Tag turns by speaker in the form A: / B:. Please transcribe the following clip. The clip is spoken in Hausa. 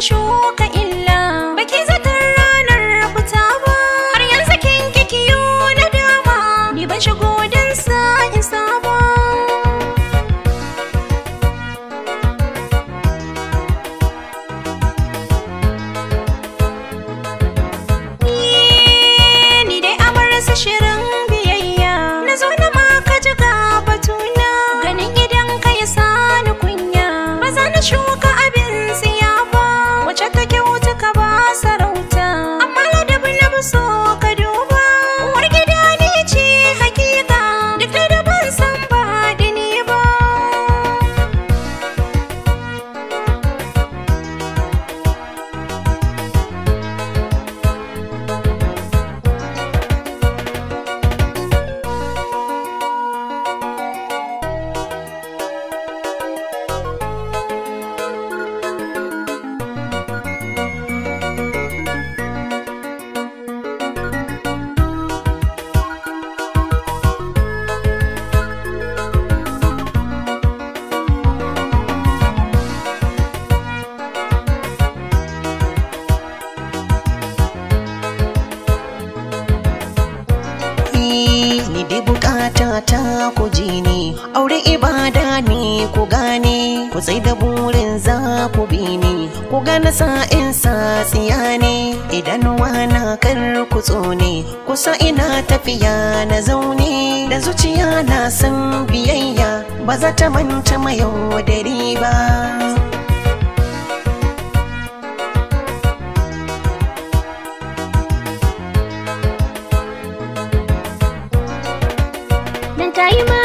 A: shuka illa
B: idi bukata ta ku ji ni aure ibada ne ku gane ku sai da burin za ku bi ni ku gane sa'in sa tsiya ne idan wana kar ku tsone kusa ina tafiya na zaune da zuciya na san biyayya ba za ta manta mayau da riba
C: Kai